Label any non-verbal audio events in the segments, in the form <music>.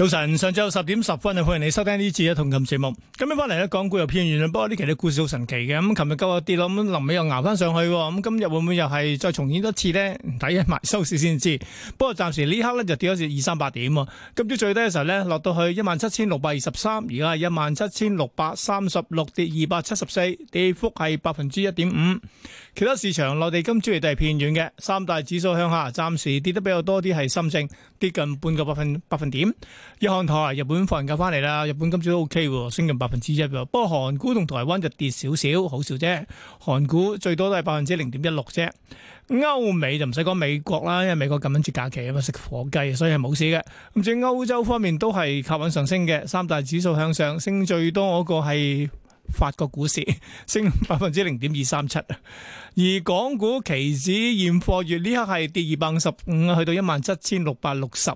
早晨，上晝十點十分啊，歡迎你收聽呢次嘅一桶金節目。今日翻嚟呢，港股又偏軟啦。不過呢期啲故事好神奇嘅。咁琴日夠日跌咯，咁臨尾又熬翻上去。咁今日會唔會又係再重演多次呢？睇埋收市先知。不過暫時呢刻呢就跌咗至二三百點。今朝最低嘅時候呢，落到去一萬七千六百二十三，而家係一萬七千六百三十六，跌二百七十四，跌幅係百分之一點五。其他市場內地今朝嚟都係偏軟嘅，三大指數向下，暫時跌得比較多啲係深證，跌近半個百分百分點。日韓台日本放完假翻嚟啦，日本今朝都 O K 喎，升近百分之一喎。不過韓股同台灣就跌少少，好少啫。韓股最多都係百分之零點一六啫。歐美就唔使講美國啦，因為美國咁樣接假期啊嘛，食火雞，所以係冇事嘅。咁至於歐洲方面都係靠穩上升嘅，三大指數向上，升最多嗰個係。法國股市升百分之零點二三七，而港股期指現貨月呢刻係跌二百五十五，去到一萬七千六百六十。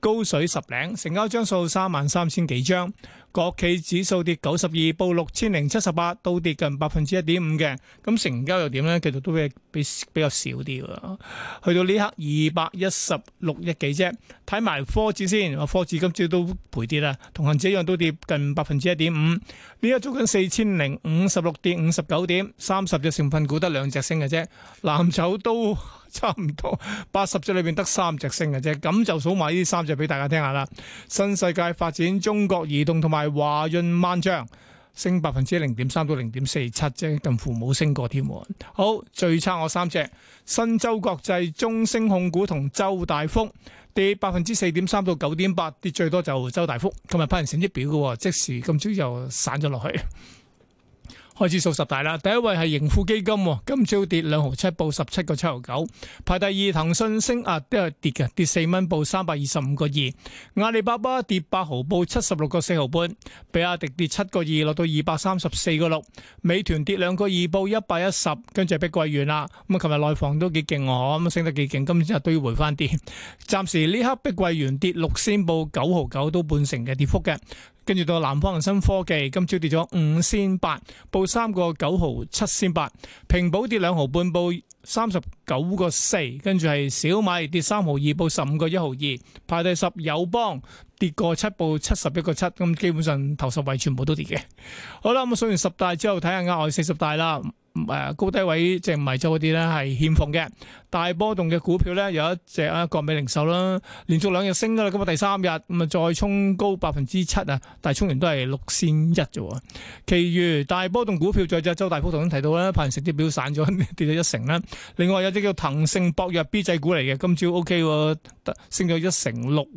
高水十零，成交張數三萬三千幾張，國企指數跌九十二，報六千零七十八，都跌近百分之一點五嘅。咁成交又點咧？其實都比比比較少啲嘅。去到呢刻二百一十六億幾啫。睇埋科指先，科指今朝都陪跌啊，同恒指一樣都跌近百分之一點五。呢一做緊四千零五十六點五十九點，三十隻成分股得兩隻升嘅啫，藍籌都。差唔多八十隻裏面得三隻升嘅啫，咁就數埋呢三隻俾大家聽下啦。新世界發展、中國移動同埋華潤萬象升百分之零點三到零點四七啫，近乎冇升過添。好，最差我三隻新洲國際、中升控股同周大福跌百分之四點三到九點八，跌最多就周大福，今日派人成績表喎，即時咁早又散咗落去。開始數十大啦，第一位係盈富基金，今朝跌兩毫七，報十七個七毫九。排第二，騰訊升壓都係跌嘅，跌四蚊，報三百二十五個二。阿里巴巴跌八毫，報七十六個四毫半。比亞迪跌七個二，落到二百三十四個六。美團跌兩個二，報一百一十。跟住碧桂園啦。咁啊，琴日內房都幾勁我咁啊升得幾勁，今日都要回翻啲。暫時呢刻碧桂園跌六仙報九毫九，都半成嘅跌幅嘅。跟住到南方恒生科技，今朝跌咗五仙八，報三個九毫七仙八；平保跌兩毫半，報三十九個四；跟住係小米跌三毫二，報十五個一毫二；排第十友邦跌個七，報七十一個七。咁基本上頭十位全部都跌嘅。好啦，咁數完十大之後，睇下額外四十大啦。誒，高低位淨係做嗰啲咧係欠奉嘅。大波動嘅股票咧，有一隻啊，國美零售啦，連續兩日升噶啦，今日第三日咁啊再衝高百分之七啊，但係衝完都係六千一啫。其餘大波動股票再隻周大福頭先提到啦，派人食啲表散咗， <laughs> 跌咗一成啦。另外有一隻叫騰盛博藥 B 制股嚟嘅，今朝 O K 喎，升咗一成六。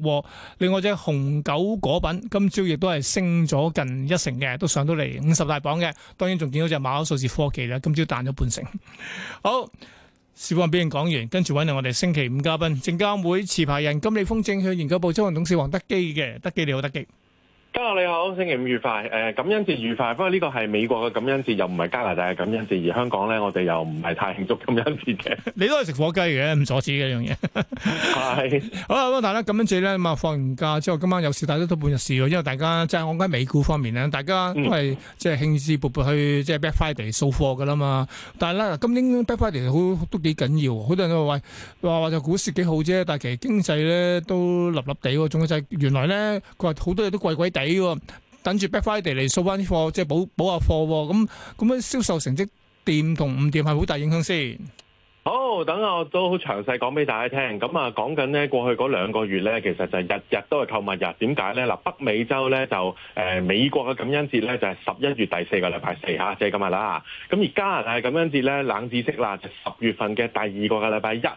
另外隻洪九果品，今朝亦都係升咗近一成嘅，都上到嚟五十大榜嘅。當然仲見到隻馬可數字科技啦，今朝彈咗半成。好。小方俾人講完，跟住揾嚟我哋星期五嘉賓，證監會持牌人金利豐證券研究部執行董事黃德基嘅，德基你好，德基。家下你好，星期五愉快。誒感恩節愉快，不過呢個係美國嘅感恩節，又唔係加拿大嘅感恩節，而香港咧我哋又唔係太慶祝感恩節嘅。 <laughs> 你都係食火雞嘅，唔阻止呢樣嘢。 <laughs> 好啦，咁大家感恩節咧，咁啊放完假之後，今晚有事，大家都半日事喎。因為大家即係我覺得美股方面咧，大家都係即係興致勃勃去即係 Black Friday 掃貨㗎啦嘛。但係咧今年 Black Friday 好都幾緊要，好多人都話話話就股市幾好啫，但係其實經濟咧都立立地喎。仲就係、原來咧，佢話好多嘢都貴貴睇等住 Black Friday 嚟掃翻啲貨，即係補補下貨喎。咁咁樣銷售成績掂同唔掂係好大影響先。好，等下我都好詳細講俾大家聽。咁啊，講緊呢過去嗰兩個月咧，其實就日日都係購物日。點解咧？嗱，北美洲咧就誒美國嘅感恩節咧就係十一月第四個禮拜四嚇，即係今日啦。咁而加拿大感恩節咧冷知識啦，就十月份嘅第二個嘅禮拜一。咁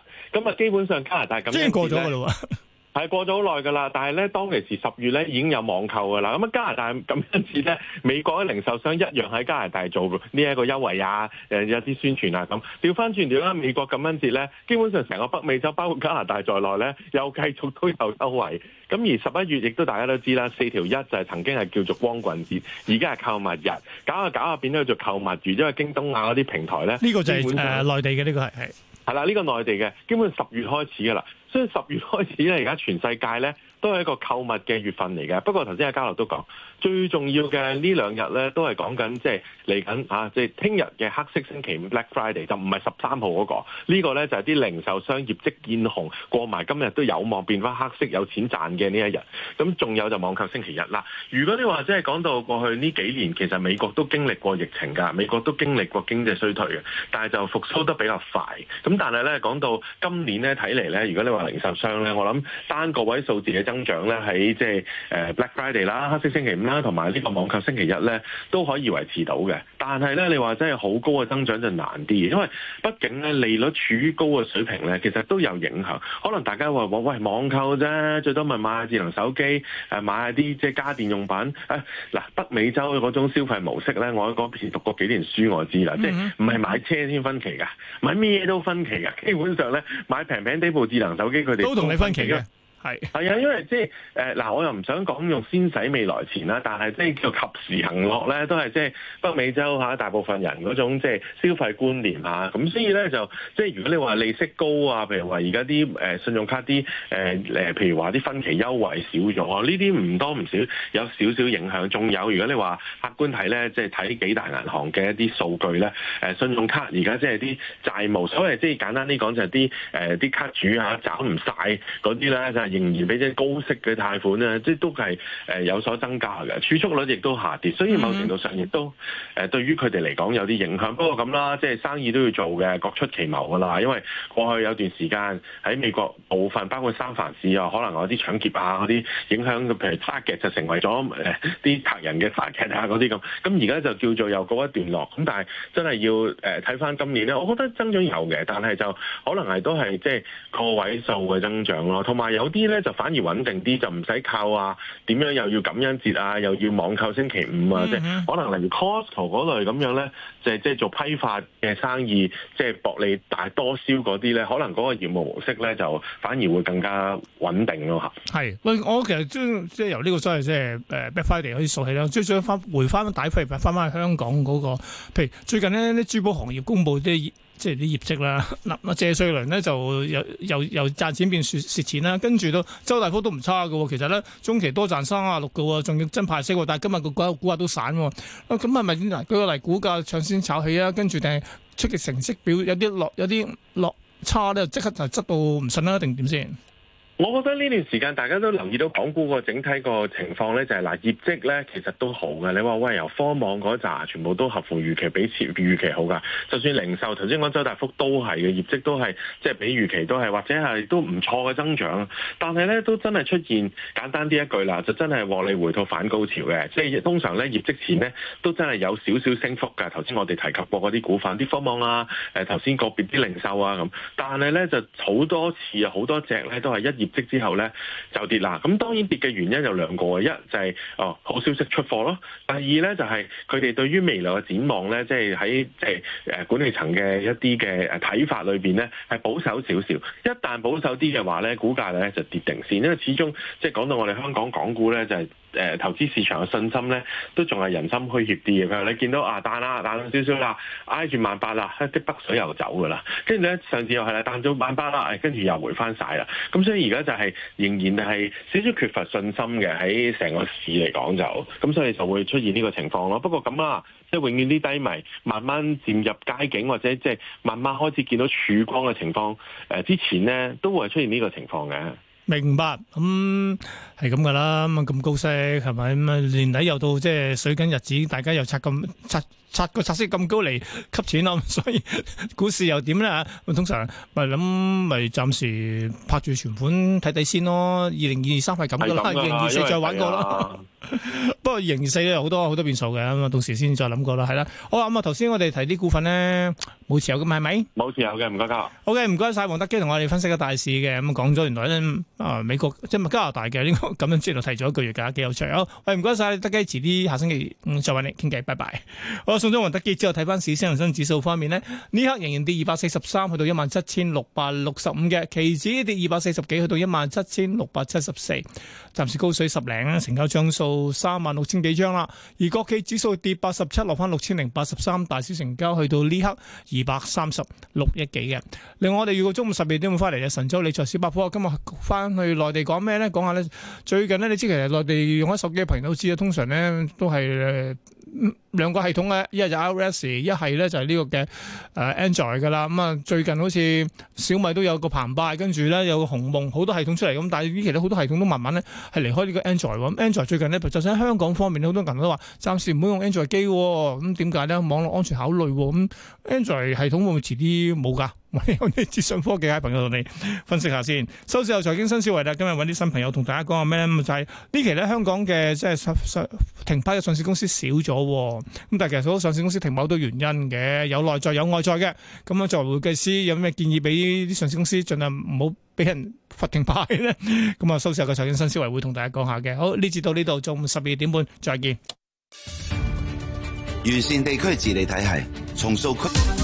啊，基本上加拿大感恩節咧過咗喇喎。 <laughs> 係過咗好耐㗎啦，但係咧當其時十月咧已經有網購㗎啦。咁啊加拿大感恩節咧，美國嘅零售商一樣喺加拿大做呢一個優惠啊，誒有啲宣傳啊咁。調翻轉嚟啦，美國感恩節咧，基本上成個北美洲包括加拿大在內咧，又繼續都有優惠。咁而十一月亦都大家都知啦，四條一就曾經係叫做光棍節，而家係購物日，搞下搞下變咗做購物，而因為京東啊嗰啲平台咧，呢個就係誒內地嘅呢個係係。係啦，呢個內地嘅，基本十月開始噶啦，所以十月開始咧，而家全世界咧。都係一個購物嘅月份嚟嘅，不過頭先阿嘉樂都講，最重要嘅呢兩日咧都係講緊即係嚟緊啊，即係聽日嘅黑色星期五 Black Friday，就唔係十三號嗰個。這個、呢個咧就係、是、啲零售商業績見紅，過埋今日都有望變翻黑色有錢賺嘅呢一日。咁仲有就網購星期日啦。如果你話即係講到過去呢幾年，其實美國都經歷過疫情㗎，美國都經歷過經濟衰退嘅，但係就復甦得比較快。咁但係咧講到今年咧睇嚟咧，如果你話零售商咧，我諗單個位數字嘅增長咧喺即係 Black Friday 啦、黑色星期五啦，同埋呢個網購星期一咧都可以維持到嘅。但係咧，你話真係好高嘅增長就難啲，因為畢竟咧利率處於高嘅水平咧，其實都有影響。可能大家話：喂，係網購啫，最多咪買下智能手機，誒買下啲即係家電用品。誒嗱，北美洲嗰種消費模式咧，我嗰時讀過幾年書，我知啦、嗯嗯，即係唔係買車先分期㗎，買咩都分期㗎。基本上咧，買平平啲部智能手機，佢哋都同你分期嘅。係係啊，因為即係誒嗱，我又唔想講用先使未來錢啦，但係即係叫及時行樂咧，都係即係北美洲下、啊、大部分人嗰種即係消費觀念下、啊、咁所以咧就即係如果你話利息高啊，譬如話而家啲誒信用卡啲誒、呃、譬如話啲分期優惠少咗啊，呢啲唔多唔少有少少影響。仲有如果你話客觀睇咧，即係睇幾大銀行嘅一啲數據咧，誒信用卡而家即係啲債務，所謂即係簡單啲講就係啲誒啲卡主啊，找唔晒嗰啲啦就。仍然俾啲高息嘅貸款咧，即係都係誒有所增加嘅，儲蓄率亦都下跌，所以某程度上亦都誒對於佢哋嚟講有啲影響。不過咁啦，即係生意都要做嘅，各出其謀噶啦。因為過去有段時間喺美國部分，包括三藩市啊，可能有啲搶劫啊嗰啲影響，譬如 target 就成為咗誒啲客人嘅 target 啊嗰啲咁。咁而家就叫做又告一段落。咁但係真係要誒睇翻今年咧，我覺得增長有嘅，但係就可能係都係即係個位數嘅增長咯，同埋有啲。啲咧就反而穩定啲，就唔使靠啊，點樣又要感恩節啊，又要網購星期五啊，即、嗯、係可能例如 Costco 嗰類咁樣咧，就即、是、係做批發嘅生意，即、就、係、是、薄利大多銷嗰啲咧，可能嗰個業務模式咧就反而會更加穩定咯嚇。係，喂，我其實即係由呢個所謂即係誒 Black Friday 地可以數起啦，最想翻回翻底，翻翻香港嗰、那個，譬如最近咧啲珠寶行業公布啲。即係啲業績啦，嗱嗱謝瑞麟咧就又又又賺錢變蝕蝕錢啦，跟住到周大福都唔差嘅，其實咧中期多賺三啊六個喎，仲要真派息喎，但係今日個股股價都散喎，咁係咪嗱舉個例估價搶先炒起啊，跟住定係出嘅成績表有啲落有啲落差咧，即刻就執到唔信啦，定點先？我覺得呢段時間大家都留意到港股個整體個情況咧，就係嗱業績咧，其實都好嘅。你話喂，由科網嗰扎全部都合乎預期，比預期好㗎。就算零售，頭先講周大福都係嘅業績都，都係即係比預期都係或者係都唔錯嘅增長。但係咧都真係出現簡單啲一句啦，就真係獲利回吐反高潮嘅。即係通常咧，業績前咧，都真係有少少升幅㗎。頭先我哋提及過嗰啲股份，啲科網啊，誒頭先個別啲零售啊咁，但係咧，就好多次啊好多隻咧都係一業績之後咧就跌啦，咁當然跌嘅原因有兩個，一就係、是、哦好消息出貨咯，第二咧就係佢哋對於未來嘅展望咧，即係喺即係誒管理層嘅一啲嘅睇法裏邊咧係保守少少，一旦保守啲嘅話咧，股價咧就跌定線，因為始終即係、就是、講到我哋香港港股咧就係、是。誒投資市場嘅信心咧，都仲係人心虛怯啲嘅。譬如你見到啊，彈啦，彈少少啦，挨住萬八啦，即啲北水又走㗎啦。跟住咧，上次又係啦，彈咗萬八啦，跟住又回翻晒啦。咁所以而家就係、是、仍然係少少缺乏信心嘅喺成個市嚟講就，咁所以就會出現呢個情況咯。不過咁啦即係永遠啲低迷，慢慢漸入佳境，或者即係慢慢開始見到曙光嘅情況，呃、之前咧都會出現呢個情況嘅。明白，咁係咁噶啦，咁啊咁高息，係咪咁啊？年底又到即係、就是、水緊日子，大家又拆咁拆拆個拆息咁高嚟吸錢咯，所以股市又點啦？咁通常咪諗咪暫時拍住存款睇睇先咯。二零二三係咁噶啦，二零二四再玩過啦。啊、 <laughs> 不過二零二四咧有好多好多變數嘅，咁啊到時先再諗過啦，係啦。好啊，咁啊頭先我哋提啲股份咧。冇持有咁係咪？冇持有嘅，唔該客。O K，唔該晒王德基同我哋分析個大市嘅，咁講咗原來咧，啊、呃、美國即係加拿大嘅呢個咁樣資料提咗一個月嘅，幾有趣，好，喂，唔該晒，德基，遲啲下星期、嗯、再揾你傾偈，拜拜。好，送咗王德基之後，睇翻市，恒生指數方面呢，呢刻仍然跌二百四十三，去到一萬七千六百六十五嘅，期指跌二百四十幾，去到一萬七千六百七十四。暫時高水十零，成交張數三萬六千幾張啦。而國企指數跌八十七，落翻六千零八十三。大市成交去到呢刻二百三十六億幾嘅。另外我哋預告中午十二點會翻嚟嘅神州理財小百科，今日翻去內地講咩咧？講下咧，最近咧你知其實內地用開手機嘅朋友都知啦，通常咧都係誒。兩個系統咧，一係就 iOS，一係咧就係呢個嘅誒、呃、Android 噶啦。咁啊，最近好似小米都有個澎湃，跟住咧有個鴻蒙好多系統出嚟。咁但係依期呢好多系統都慢慢咧係離開呢個 Android 喎。Android 最近咧，就算喺香港方面好多人都話暫時唔好用 Android 機喎、哦。咁點解咧？網絡安全考慮喎、哦。咁 Android 系統會唔會遲啲冇㗎？揾啲資訊科技嘅朋友同你分析下先。收市後，財經新思維啦，今日揾啲新朋友同大家講下咩咧？就係呢期咧香港嘅即係停牌嘅上市公司少咗。咁但係其實所有上市公司停牌都原因嘅，有內在有外在嘅。咁啊作為會計師有咩建議俾啲上市公司盡量唔好俾人罰停牌咧？咁啊收市後嘅財經新思維會同大家講下嘅。好，呢節到呢度，中午十二點半再見。完善地區治理體系，重塑區。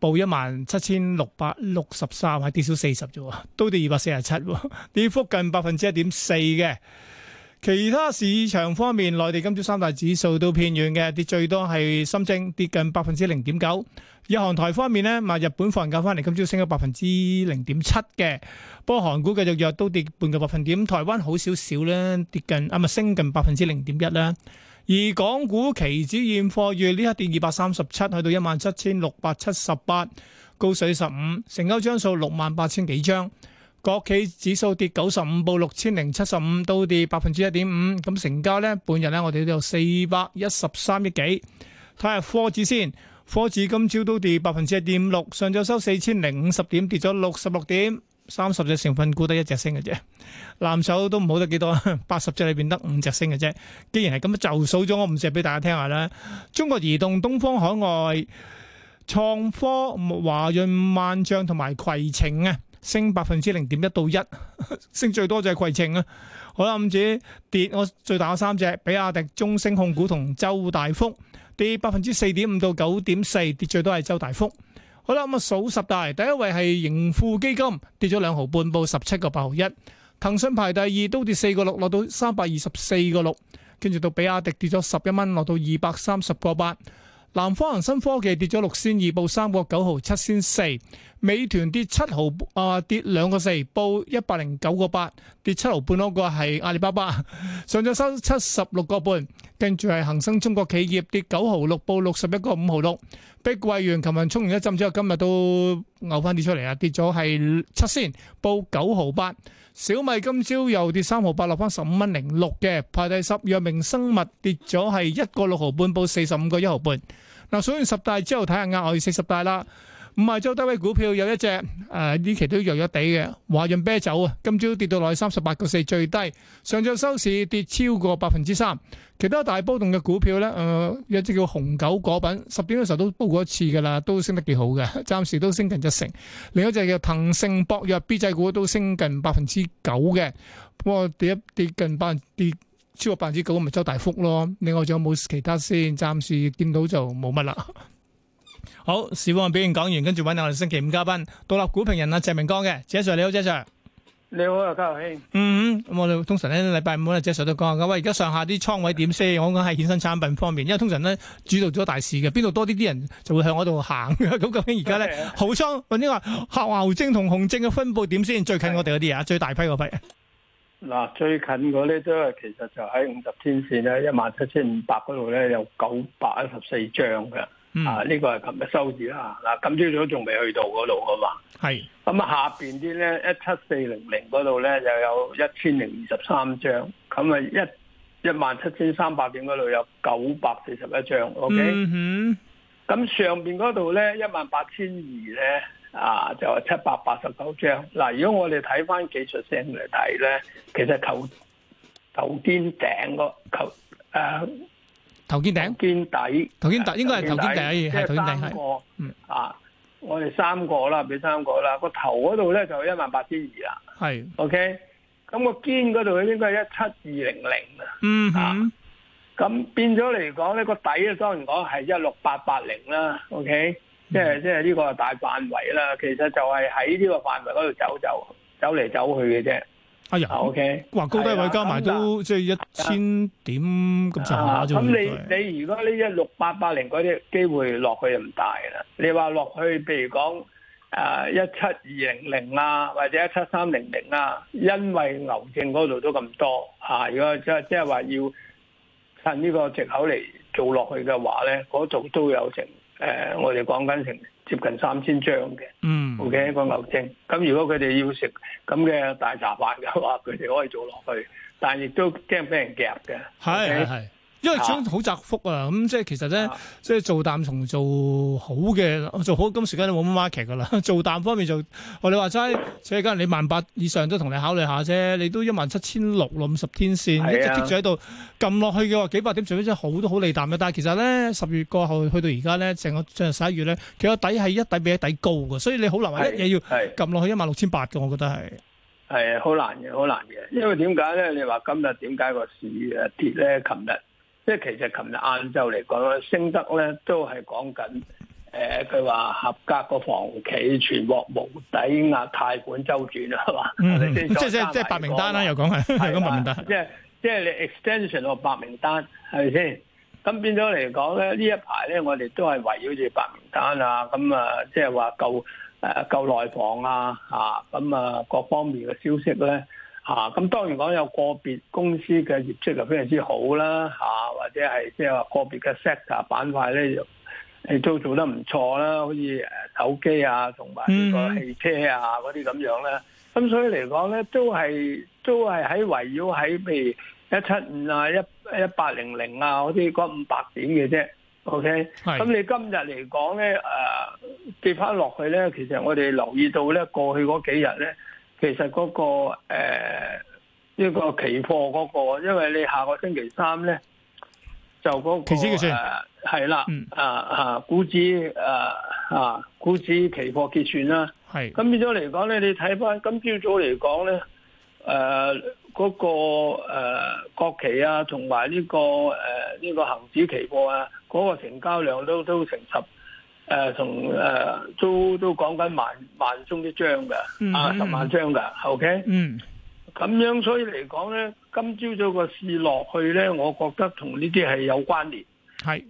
報一萬七千六百六十三，係跌少四十啫，都跌二百四十七，跌幅近百分之一點四嘅。其他市場方面，內地今朝三大指數都偏軟嘅，跌最多係深證跌近百分之零點九。日韓台方面呢，咪日本放完假翻嚟，今朝升咗百分之零點七嘅。不過韓股繼續弱，都跌半個百分點。台灣好少少啦，跌近啊咪升近百分之零點一啦。而港股期指現貨月呢一刻跌二百三十七，去到一萬七千六百七十八，高水十五，成交張數六萬八千幾張。國企指數跌九十五，報六千零七十五，都跌百分之一點五。咁成交呢，本日呢，我哋都有四百一十三億幾。睇下科指先，科指今朝都跌百分之一點六，上晝收四千零五十點，跌咗六十六點。三十隻成分股得一隻升嘅啫，藍籌都唔好得幾多，八十隻裏邊得五隻升嘅啫。既然係咁，就數咗我五隻俾大家聽下啦。中國移動、東方海外、創科、華潤萬象同埋攜程啊，升百分之零點一到一，升最多就係攜程啊。好啦，五隻跌，我最大嘅三隻，比亞迪、中升控股同周大福跌百分之四點五到九點四，跌最多係周大福。好啦，咁數十大，第一位係盈富基金，跌咗兩毫半，報十七個八毫一。騰訊排第二，都跌四個六，落到三百二十四個六。跟住到比亞迪，跌咗十一蚊，落到二百三十個八。南方恒生科技跌咗六仙二，報三個九毫七仙四。美團跌七毫，啊跌兩個四，報一百零九個八，跌七毫半。嗰個係阿里巴巴，上晝收七十六個半，跟住係恒生中國企業跌九毫六，報六十一個五毫六。碧桂園琴日沖完一浸之後，今日都牛翻跌出嚟啊，跌咗係七仙，報九毫八。小米今朝又跌三毫八，落翻十五蚊零六嘅，排第十。藥明生物跌咗係一個六毫半，報四十五個一毫半。嗱，數完十大之後，睇下額外四十大啦。唔係周低位股票有一隻，誒、呃、呢期都弱弱地嘅華潤啤酒啊，今朝跌到落去三十八個四最低，上晝收市跌超過百分之三。其他大波動嘅股票咧，誒、呃、有一隻叫洪九果品，十點鐘時候都報過一次噶啦，都升得幾好嘅，暫時都升近一成。另一隻叫騰盛博藥 B 製股都升近百分之九嘅，不過跌一跌近百分跌超過百分之九咪周大福咯。另外仲有冇其他先？暫時見到就冇乜啦。好，市況表現講完，跟住揾下我哋星期五嘉賓，獨立股評人阿、啊、謝明光嘅，謝 Sir 你好，謝 Sir。你好啊，嘉豪兄。嗯，咁我哋通常咧禮拜五咧，謝 Sir 都講下，喂，而家上下啲倉位點先？ <laughs> 我講係衍生產品方面，因為通常咧主導咗大市嘅，邊度多啲啲人就會向我度行嘅。咁究竟而家咧，豪倉，或者話黑牛證同熊證嘅分布點先？最近我哋嗰啲啊，最大批嗰批。嗱、啊，最近我咧都係其實就喺五十天線咧一萬七千五百嗰度咧有九百一十四張嘅。嗯、啊！呢、呢個係琴日收市啦，嗱，今朝早仲未去到嗰度啊嘛？係，咁啊下邊啲咧一七四零零嗰度咧就有就一千零二十三張，咁、okay? 嗯嗯、啊一一萬七千三百點嗰度有九百四十一張，OK？咁上邊嗰度咧一萬八千二咧啊就係七百八十九張。嗱，如果我哋睇翻技術性嚟睇咧，其實頭頭肩頂個頭誒。啊頭肩頂肩底，頭肩底應該係頭肩底，係頭肩底係。嗯啊，我哋三個啦，俾三個啦。個頭嗰度咧就一萬八千二啦。係，OK。咁個肩嗰度應該係一七二零零啊。嗯哼。咁變咗嚟講咧，個底咧當然講係一六八八零啦。OK。即係即係呢個大範圍啦。其實就係喺呢個範圍嗰度走走走嚟走去嘅啫。哎呀，O、okay, K，哇，高低位加埋都即係一千點咁上下就咁。啊、那你你如果呢一六八八零嗰啲機會落去就唔大啦。你話落去，譬如講誒一七二零零啊，或者一七三零零啊，因為牛證嗰度都咁多吓，啊。如果即係即係話要趁呢個藉口嚟做落去嘅話咧，嗰度都有成誒、呃，我哋講緊成。接近三千張嘅，嗯，O K 一個牛證，咁如果佢哋要食咁嘅大茶飯嘅話，佢哋可以做落去，但係亦都驚俾人夾嘅，係，係。 <music> OK? 係，係，係。因為種好窄幅啊，咁即係其實咧，即、啊、係做淡同做好嘅，做好今時間都冇乜 market 噶啦。做淡方面就我哋話齋，所以今日你萬八以上都同你考慮下啫，你都一萬七千六五十天線、啊、一直黐住喺度撳落去嘅話，幾百點除非真係好多好利淡嘅。但係其實咧，十月過後去到而家咧，成個十一月咧，其實底係一底比一底高嘅，所以你好難話，一嘢要撳落去一萬六千八嘅，我覺得係係啊，好難嘅，好難嘅，因為點解咧？你話今日點解個市跌咧？琴日即係其實琴日晏晝嚟講，升得咧都係講緊誒佢話，呃、合格個房企全國無抵押貸款週轉係嘛、嗯嗯？即係即即白名單啦，又講係係咁白名單。即係即係你 extension 個白名單係咪先？咁變咗嚟講咧，呢一排咧，我哋都係圍繞住白名單啊，咁啊，即係話夠誒夠內房啊嚇，咁啊各方面嘅消息咧。嚇、啊，咁當然講有個別公司嘅業績就非常之好啦，嚇、啊，或者係即係話個別嘅 sector 板塊咧，誒都做得唔錯啦，好似誒手機啊，同埋呢個汽車啊嗰啲咁樣啦。咁所以嚟講咧，都係都係喺圍繞喺譬如一七五啊，一一八零零啊嗰啲嗰五百點嘅啫。O K，咁你今日嚟講咧，誒、啊、跌翻落去咧，其實我哋留意到咧，過去嗰幾日咧。其實嗰、那個誒呢、呃這個期貨嗰、那個，因為你下個星期三咧就嗰、那個係啦，啊啊，股、嗯、指啊、股、啊指，啊啊、指期貨結算啦、啊，係咁變咗嚟講咧，你睇翻今朝早嚟講咧，誒、呃、嗰、那個誒、呃、國企啊，同埋呢個誒呢、呃這個恒指期貨啊，嗰、那個成交量都都成十。誒、呃，同誒、呃、都都講緊萬萬宗一張㗎，嗯，啊十萬張㗎 OK 咁樣，所以嚟講咧，今朝早個市落去咧，我覺得同呢啲係有關聯。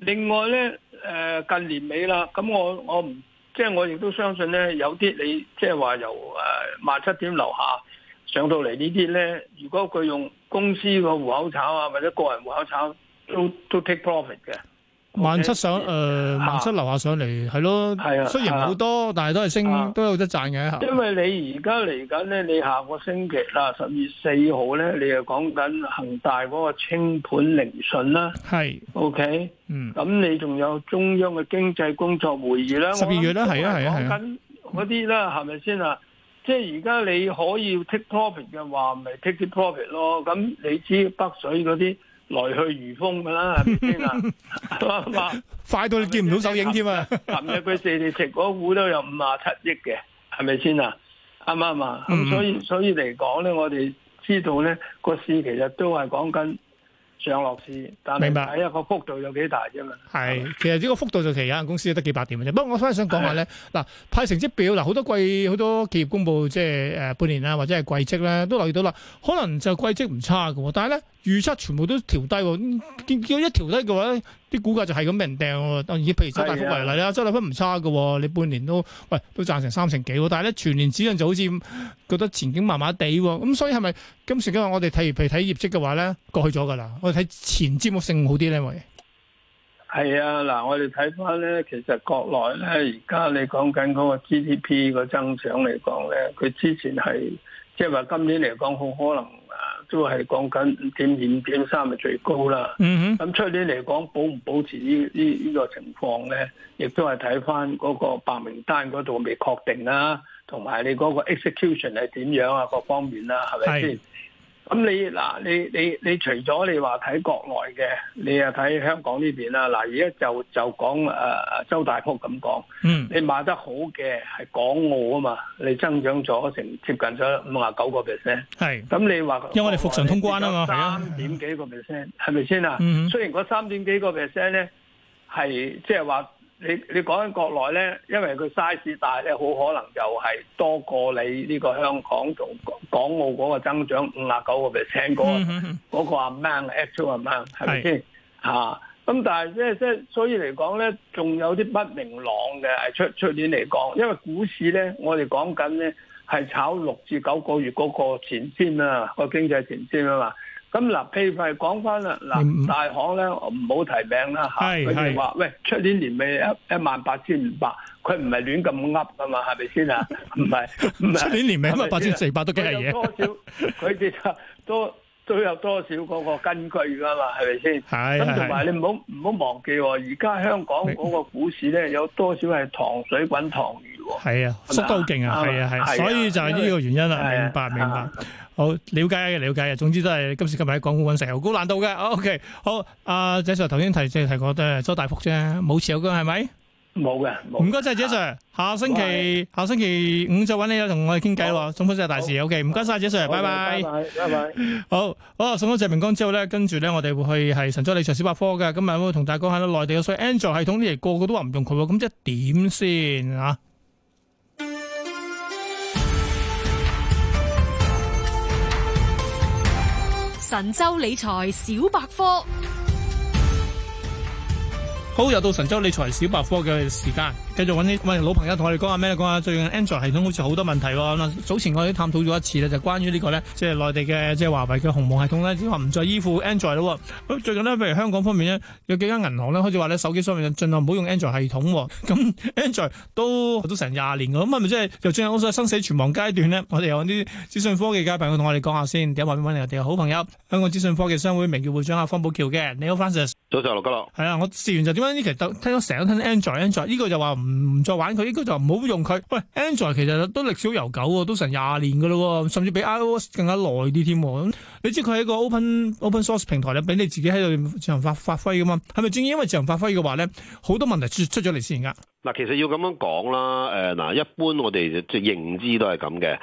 另外咧、呃，近年尾啦，咁我我唔即係我亦都相信咧，有啲你即係話由誒、萬、呃、七點樓下上到嚟呢啲咧，如果佢用公司個戶口炒啊，或者個人戶口炒都，都都 take profit 嘅。萬七上，誒、okay，呃、萬七樓下上嚟，係、啊、咯。係啊，雖然好多，但係都係升、啊，都有得賺嘅。因為你而家嚟緊咧，你下個星期啦，十月四號咧，你又講緊恒大嗰個清盤聆訊啦。係，OK，嗯。咁你仲有中央嘅經濟工作會議啦，十二月啦，係啊，係啊。講啊。嗰啲啦，係咪先啊？即係而家你可以 take profit 嘅話，咪 take profit 咯。咁你知北水嗰啲？來去如風噶啦，係咪先啊？ <laughs> <laughs> <laughs> <laughs> 快到你見唔到手影添啊！琴日佢四條食嗰股都有五啊七億嘅，係咪先啊？啱唔啱啊？咁所以所以嚟講咧，我哋知道咧個市其實都係講緊上落市，但係睇一個幅度有幾大啫嘛。係，是 <laughs> 其實呢個幅度就其實有間公司得幾百點嘅啫。不 <laughs> 過我反而想講下咧，嗱 <laughs> 派成績表嗱好多季好多企業公布即係誒半年啦或者係季績咧都留意到啦，可能就季績唔差嘅，但係咧。預測全部都調低喎，見見一調低嘅話咧，啲股價就係咁俾人掟喎。當然，譬如周大福為例啦，周大福唔差嘅喎，你半年都喂、哎、都賺成三成幾喎。但係咧全年指引就好似覺得前景麻麻地喎。咁所以係咪今時今日我哋睇譬如睇業績嘅話咧，過去咗噶啦？我哋睇前瞻性好啲咧？係啊，嗱，我哋睇翻咧，其實國內咧而家你講緊嗰個 GDP 個增長嚟講咧，佢之前係即係話今年嚟講好可能。都係講緊五點二五點三係最高啦。咁出年嚟講保唔保持呢，呢呢個情況咧，亦都係睇翻嗰個白名單嗰度未確定啦，同埋你嗰個 execution 係點樣啊，各方面啦，係咪先？咁你嗱，你你你，你除咗你話睇國內嘅，你又睇香港呢邊啦。嗱，而家就就講誒周大福咁講，嗯，你賣得好嘅係港澳啊嘛，你增長咗成接近咗五啊九個 percent，係。咁你話，因為我哋復常通關啊嘛，三點幾個 percent 係咪先啊，啊，啊、嗯？雖然嗰三點幾個 percent 咧係即係話。你你講緊國內咧，因為佢 size 大咧，好可能就係多過你呢個香港同港澳嗰個增長五、那個 mm -hmm. 啊九個 percent 嗰嗰個 amount，at two amount 係咪先吓？咁但係即即所以嚟講咧，仲有啲不明朗嘅，出出年嚟講，因為股市咧，我哋講緊咧係炒六至九個月嗰個前線啊，個經濟前線啊嘛。咁嗱，譬如講講翻啦，嗱大行咧，我唔好提名啦嚇。佢哋話：喂，出年年尾一一萬八千五百，佢唔係亂咁噏噶嘛，係咪先啊？唔係，出年年尾一萬八千四百都幾嘢。多少佢哋差都有多少嗰個根據噶嘛，係咪先？係。咁同埋你唔好唔好忘記，而家香港嗰個股市咧有多少係糖水滾糖魚？係啊，縮得好勁啊，係啊係，所以就係呢個原因啦。明白明白。好了解嘅了，了解嘅，總之都係今時今日喺港股搵食好高難度嘅。O、OK, K，好，阿、呃、謝 Sir 頭先提即提，提過都係周大福啫，冇持有嘅係咪？冇嘅，唔該晒，謝 Sir、啊。下星期、啊、下星期五再搵你啦，同我哋傾偈咯，仲分晒大事。O K，唔該晒，謝、OK, Sir，拜拜。拜拜，拜好好，送咗謝明光之後咧，跟住咧，我哋會去係神州理財小百科嘅。今日會同大家講下咧，內地嘅所以 Android 系統呢期個個都話唔用佢，咁即係點先啊？神州理財小百科，好，又到神州理財小百科嘅時間。繼續揾啲老朋友同我哋講下咩？講下最近 Android 系統好似好多問題喎、嗯。早前我哋探討咗一次咧，就是、關於個呢個咧，即係內地嘅即係華為嘅鴻蒙系統咧，即係唔再依附 Android 咯。咁、嗯、最近咧，譬如香港方面咧，有幾間銀行咧，開始話咧手機上面就盡量唔好用 Android 系統。咁、嗯、Android 都成廿年嘅，咁係咪即係又進入好似生死存亡階段咧？我哋有啲資訊科技界朋友同我哋講下先。第一話面揾嚟我哋嘅好朋友，香港資訊科技商會名譽會長阿、啊、方寶橋嘅。你好 Francis 早晨，陸家樂。係、嗯、啊，我試完就點樣呢期特聽到成日都聽 Android，Android 呢 Android，個就話唔～唔再玩佢，應該就唔好用佢。喂，Android 其實都歷史悠久猶舊，都成廿年喇咯，甚至比 iOS 更加耐啲添。你知佢係一個 open open source 平台咧，俾你自己喺度自由發發揮㗎嘛，係咪，正因為自由發揮嘅話咧，好多問題出出咗嚟先噶？嗱，其實要咁樣講啦，誒嗱，一般我哋就認知都係咁嘅。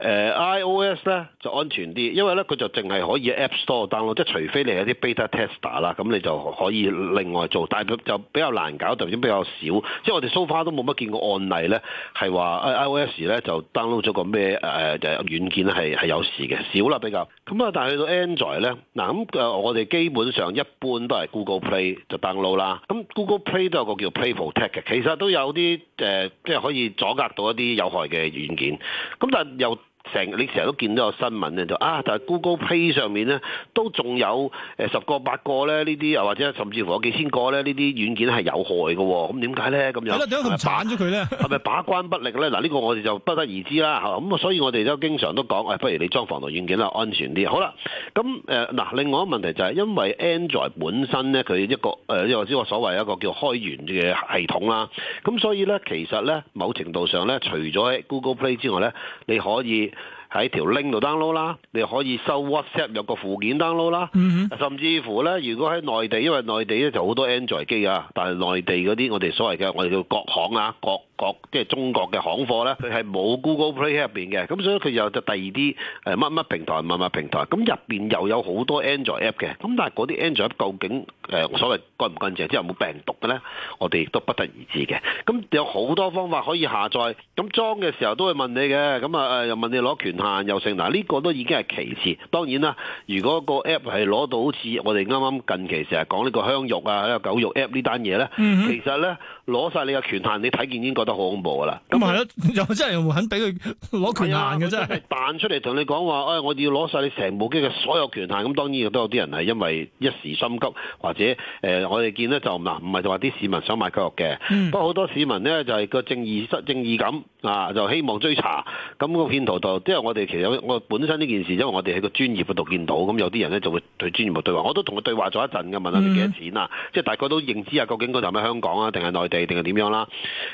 誒、uh, iOS 咧就安全啲，因為咧佢就淨係可以 App Store download，即係除非你係啲 beta tester 啦，咁你就可以另外做，但係就比較難搞，就已經比較少，即係我哋 so far 都冇乜見過案例咧，係話 iOS 咧就 download 咗個咩誒誒軟件係係有事嘅，少啦比較。咁啊，但係去到 Android 咧，嗱咁我哋基本上一般都係 Google Play 就 download 啦，咁 Google Play 都有個叫 Play Protect 嘅，其實都有啲誒、呃、即係可以阻隔到一啲有害嘅軟件，咁但係又。成你成日都見到個新聞咧，就啊，但係 Google Play 上面咧都仲有十個八個咧呢啲，又或者甚至乎有幾千個咧呢啲軟件係有害嘅喎，咁點解咧咁樣？把咗佢咧，係咪 <laughs> 把關不力咧？嗱、啊，呢、呢個我哋就不得而知啦。咁啊，所以我哋都經常都講，誒、啊，不如你裝防毒軟件啦，安全啲。好啦，咁誒嗱，另外一個問題就係、是、因為 Android 本身咧，佢一個誒，即、呃、知我，我所謂一個叫開源嘅系統啦。咁所以咧，其實咧，某程度上咧，除咗 Google Play 之外咧，你可以。喺條 link 度 download 啦，你可以收 WhatsApp 有個附件 download 啦，mm -hmm. 甚至乎咧，如果喺內地，因為內地咧就好多 Android 機啊，但係內地嗰啲我哋所謂嘅，我哋叫國行啊，國。國即係中國嘅行貨咧，佢係冇 Google Play 喺入邊嘅，咁所以佢又就第二啲誒乜乜平台、乜乜平台，咁入邊又有好多 Android app 嘅，咁但係嗰啲 Android、app、究竟誒、呃、所謂乾唔乾淨，即係有冇病毒嘅咧，我哋亦都不得而知嘅。咁有好多方法可以下載，咁裝嘅時候都會問你嘅，咁啊誒又問你攞權限又，又成嗱呢個都已經係其次。當然啦，如果個 app 係攞到好似我哋啱啱近期成日講呢個香肉啊、個狗肉 app 這件事呢單嘢咧，mm -hmm. 其實咧攞晒你嘅權限，你睇見已經覺得。都好恐怖噶啦！咁啊係咯，又真係肯俾佢攞權限嘅啫。彈、啊、出嚟同你講話，哎，我哋要攞晒你成部機嘅所有權限。咁當然亦都有啲人係因為一時心急，或者誒、呃，我哋見咧就嗱，唔係就話啲市民想買教育嘅。不過好多市民咧就係、是、個正義失正義感啊，就希望追查。咁、那個騙徒度，即係我哋其實我本身呢件事，因為我哋喺個專業度見到，咁有啲人咧就會對專業部對話。我都同佢對話咗一陣嘅，問佢幾多錢啊？嗯、即係大家都認知啊，究竟嗰頭係香港啊，定係內地，定係點樣啦？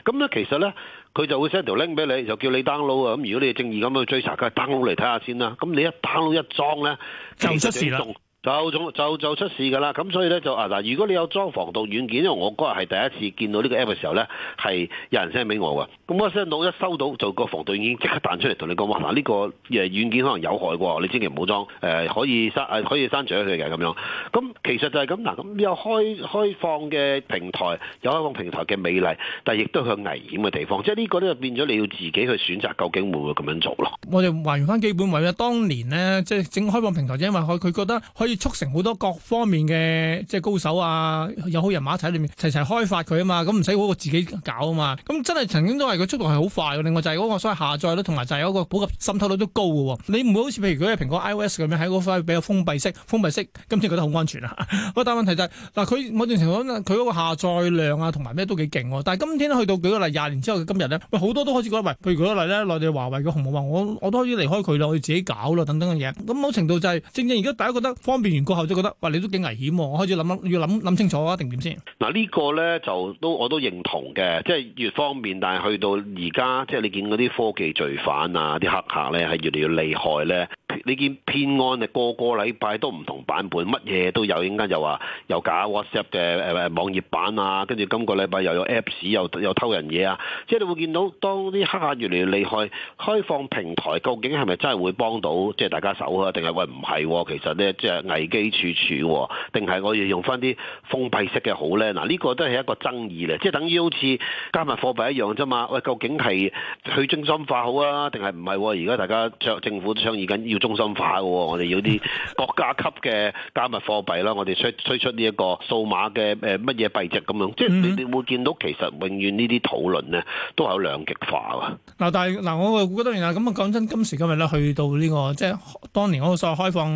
咁咧其其實咧，佢就會 send 條 link 俾你，就叫你 download 啊。咁如果你係正義咁去追查，梗係 download 嚟睇下先啦。咁你一 download 一裝咧，就出事啦。就就就出事㗎啦，咁所以咧就啊嗱，如果你有裝防毒軟件，因為我嗰日係第一次見到呢個 app 嘅時候咧，係有人 send 俾我㗎。咁我 send 到一收到就個防毒軟件即刻彈出嚟同你講話，嗱呢、呢個誒軟件可能有害喎，你千祈唔好裝、呃。可以刪、啊、可以刪除佢嘅咁樣。咁其實就係咁嗱，咁有開開放嘅平台，有開放平台嘅美麗，但亦都向危險嘅地方。即係呢個咧就變咗你要自己去選擇，究竟會唔會咁樣做咯？我哋還原翻基本位啊！當年呢，即係整開放平台，因為佢覺得可以。促成好多各方面嘅即係高手啊，有好人馬一齊喺裏面齊齊開發佢啊嘛，咁唔使嗰個自己搞啊嘛，咁真係曾經都係個速度係好快嘅，另外就係嗰個所謂下載率，同埋就係嗰個普及滲透率都高嘅。你唔會好似譬如嗰啲蘋果 iOS 咁樣喺嗰塊比較封閉式、封閉式，今天覺得好安全啦、啊。 <laughs> 但問題就係、是、嗱，佢某段情況，佢嗰個下載量啊，同埋咩都幾勁。但係今天去到舉個例廿年之後嘅今日咧，喂，好多都開始覺得喂，譬如舉個例咧，內地華為嘅鴻蒙話，我我都可以離開佢啦，我要自己搞啦，等等嘅嘢。咁某程度就係、是、正正而家大家覺得方便。完過後就覺得，哇！你都幾危險，我開始諗諗，要諗諗清楚啊，定點先？嗱、這個，呢個咧就都我都認同嘅，即係越方便，但係去到而家，即係你見嗰啲科技罪犯啊，啲黑客咧係越嚟越厲害咧。你見騙案啊，個個禮拜都唔同版本，乜嘢都有。依家又話有假 WhatsApp 嘅誒網頁版啊，跟住今個禮拜又有 Apps 又又偷人嘢啊。即係你會見到，當啲黑客越嚟越厲害，開放平台究竟係咪真係會幫到即係大家手啊？定係喂唔係？其實呢，即係危機處處，定係我要用翻啲封閉式嘅好呢？嗱，呢個都係一個爭議嚟，即係等於好似加密貨幣一樣啫嘛。喂，究竟係去中心化好啊，定係唔係？而家大家政府都倡議緊要中心化，我哋要啲國家級嘅加密貨幣啦，我哋推推出呢一個數碼嘅乜嘢幣值咁樣，即係你會見到其實永遠呢啲討論咧都係有兩極化嘅。嗱、嗯嗯 <music> 嗯，但係嗱、嗯，我覺得當然啦，咁啊講真，今時今日咧去到呢、呢個即係當年嗰個所謂開放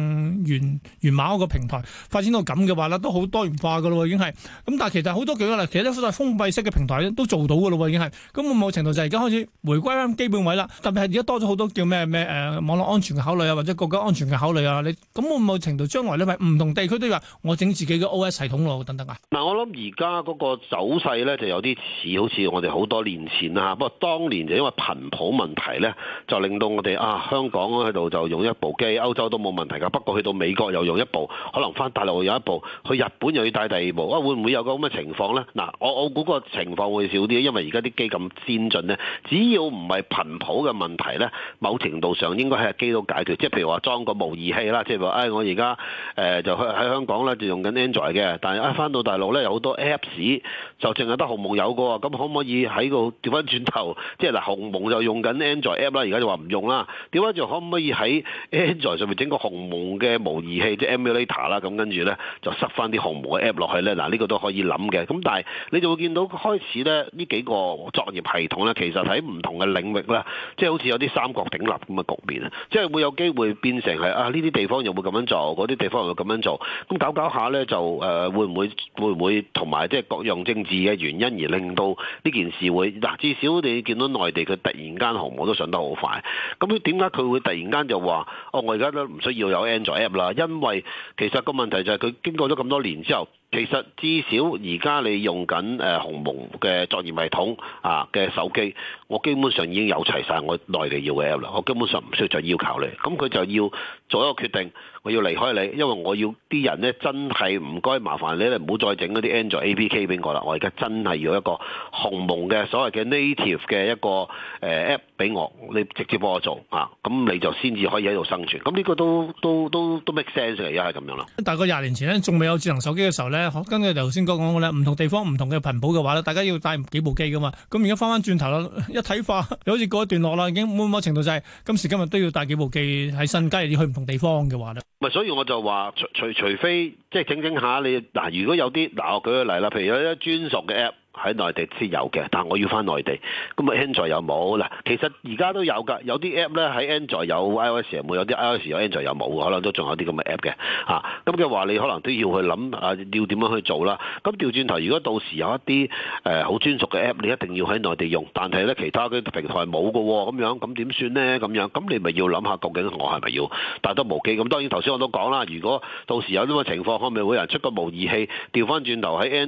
原原碼嗰個平台發展到咁嘅話呢都好多元化嘅咯，已經係。咁但係其實好多幾多啦，其實咧封閉式嘅平台都做到嘅咯，已經係。咁某程度就而、係、家開始回歸翻基本位啦，特別係而家多咗好多叫咩咩誒網絡安全嘅考慮或者國家安全嘅考慮啊，你咁會唔會程度將來，你咪唔同地區都話我整自己嘅 OS 系統咯，等等啊？嗱，我諗而家嗰個走勢咧就有啲似好似我哋好多年前啊。不過當年就因為頻譜問題咧，就令到我哋啊香港喺度就用一部機，歐洲都冇問題噶，不過去到美國又用一部，可能翻大陸又一部，去日本又要帶第二部。啊。會唔會有個咁嘅情況咧？嗱，我我估個情況會少啲，因為而家啲機咁先進咧，只要唔係頻譜嘅問題咧，某程度上應該係機都解決，即譬如話裝個模擬器啦，即係話，唉、哎，我而家誒就喺喺香港咧就用緊 Android 嘅，但係一翻到大陸咧有好多 Apps 就淨係得鴻蒙有，有的那可可個，咁可唔可以喺個調翻轉頭？即係嗱，鴻蒙就用緊 Android App 啦，而家就話唔用啦。點解就可唔可以喺 Android 上面整個鴻蒙嘅模擬器，即係 Emulator 啦？咁跟住咧就塞翻啲鴻蒙嘅 App 落去咧，嗱呢、這個都可以諗嘅。咁但係你就會見到開始咧呢幾個作業系統咧，其實喺唔同嘅領域咧，即係好似有啲三角鼎立咁嘅局面啊，即係會有機。會變成係啊呢啲地方又會咁樣做，嗰啲地方又會咁樣做，咁搞搞下咧就誒、呃、會唔會會唔會同埋即係各樣政治嘅原因而令到呢件事會嗱至少你見到內地佢突然間航母都上得好快，咁點解佢會突然間就話哦我而家都唔需要有 Android App 啦？因為其實個問題就係佢經過咗咁多年之後。其實至少而家你用緊誒鴻蒙嘅作業系統啊嘅手機，我基本上已經有齊晒我內地要嘅 app 喇，我根本上唔需要再要求你。咁佢就要做一個決定。我要離開你，因為我要啲人咧真係唔該麻煩你咧，唔好再整嗰啲 Android APK 俾我啦。我而家真係要一個鴻蒙嘅所謂嘅 native 嘅一個誒 app 俾我，你直接幫我做啊，咁你就先至可以喺度生存。咁呢個都都都都 make sense 嘅，又係咁樣啦。大概廿年前咧，仲未有智能手機嘅時候咧，根據頭先講講呢，咧，唔同地方唔同嘅頻譜嘅話咧，大家要帶幾部機噶嘛。咁而家翻翻轉頭啦，一睇化又好似過一段落啦，已經冇乜程度就係今時今日都要帶幾部機喺身，跟要去唔同地方嘅話咧。唔係，所以我就話除除除非即係整整下你嗱，如果有啲嗱，我舉個例啦，譬如有啲專屬嘅 app。喺內地先有嘅，但我要翻內地，咁啊 Android 又有冇嗱？其實而家都有㗎，有啲 app 咧喺 Android 有，iOS 有冇？有啲 iOS 有，Android 又有冇？可能都仲有啲咁嘅 app 嘅，咁、啊、嘅話，你可能都要去諗啊，要點樣去做啦？咁調轉頭，如果到時有一啲誒好專屬嘅 app，你一定要喺內地用，但係咧其他嘅平台冇㗎喎，咁樣咁點算咧？咁樣咁你咪要諗下究竟我係咪要？但係都無計。咁當然頭先我都講啦，如果到時有呢個情況，唔咪會有人出個模擬器，調翻轉頭喺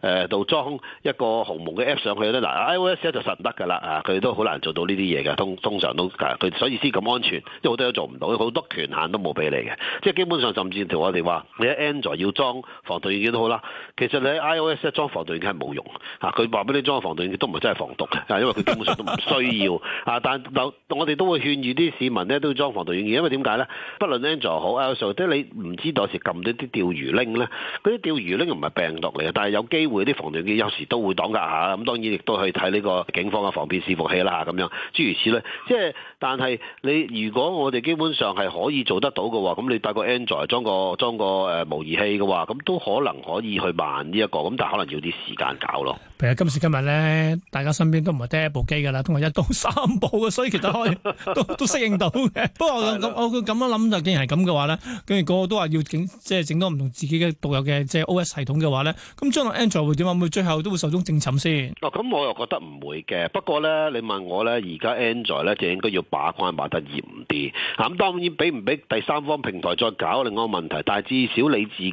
Android 度、呃、裝。裝一個鴻蒙嘅 app 上去咧，嗱 iOS 咧就實唔得噶啦，啊佢、啊、都好難做到呢啲嘢嘅，通通常都佢、啊、所以先咁安全，因為好多都做唔到，好多權限都冇俾你嘅。即係基本上甚至同我哋話你喺 Android 要裝防毒軟件都好啦，其實你喺 iOS 一裝防毒軟件係冇用嚇，佢話俾你裝防毒軟件都唔係真係防毒嘅、啊，因為佢基本上都唔需要啊。但係我哋都會勸喻啲市民咧都要裝防毒軟件，因為點解咧？不論 Android 好 iOS，即係你唔知道有時撳到啲釣魚 link 咧，嗰啲釣魚 link 唔係病毒嚟嘅，但係有機會啲防毒軟件有時。都會擋架下，咁當然亦都去睇呢個警方嘅防騙視伺服器啦，咁樣諸如此類。即係但係你如果我哋基本上係可以做得到嘅話，咁你帶個 Android 裝個,裝個模擬器嘅話，咁都可能可以去慢呢、這、一個，咁但係可能要啲時間搞咯。譬如今時今日咧，大家身邊都唔係得一部機㗎啦，都係一到三部嘅，所以其實可以都 <laughs> 都,都適應到嘅。 <laughs> 不過我咁我咁樣諗就，既然係咁嘅話咧，跟住個個都話要整即係整多唔同自己嘅獨有嘅即係 O S 系統嘅話咧，咁將來 Android 會點啊？會最後都？會受中症沉先，哦咁我又覺得唔會嘅。不過咧，你問我咧，而家 Android 咧就應該要把關把得嚴啲。咁、嗯、當然俾唔俾第三方平台再搞另外個問題，但至少你自己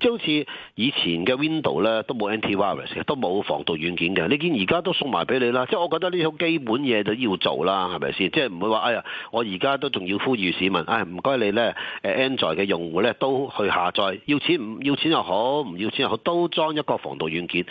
即係好似以前嘅 Windows 咧都冇 Antivirus，都冇防毒軟件嘅。你見而家都送埋俾你啦。即係我覺得呢種基本嘢就要做啦，係咪先？即係唔會話哎呀，我而家都仲要呼籲市民，哎唔該你咧，Android 嘅用戶咧都去下載，要錢唔要錢又好，唔要錢又好，都裝一個防毒軟件。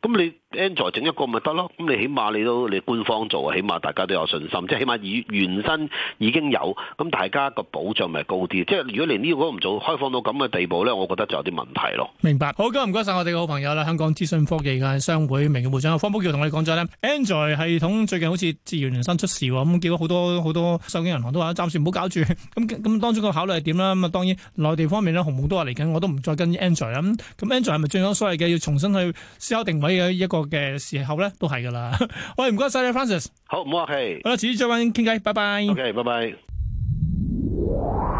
咁你？Android 整一個咪得咯，咁你起碼你都你官方做起碼大家都有信心，即係起碼以原身已經有，咁大家個保障咪高啲。即係如果連呢個唔做，開放到咁嘅地步咧，我覺得就有啲問題咯。明白，好，今日唔該晒我哋嘅好朋友啦，香港資訊科技界商會名譽會長方寶橋同你講咗咧，Android 系統最近好似資源原生出事喎，咁見到好多好多受僱銀行都話暫時唔好搞住。咁咁當中個考慮係點啦？咁啊當然內地方面咧，鴻蒙都話嚟緊，我都唔再跟 Android 啦。咁 Android 係咪最緊所謂嘅？要重新去思考定位嘅一個嘅時候咧，都係噶啦。我哋唔該晒你，Francis。好，唔好客氣。好啦，遲啲再揾傾偈。拜拜。拜、okay, 拜。 <music>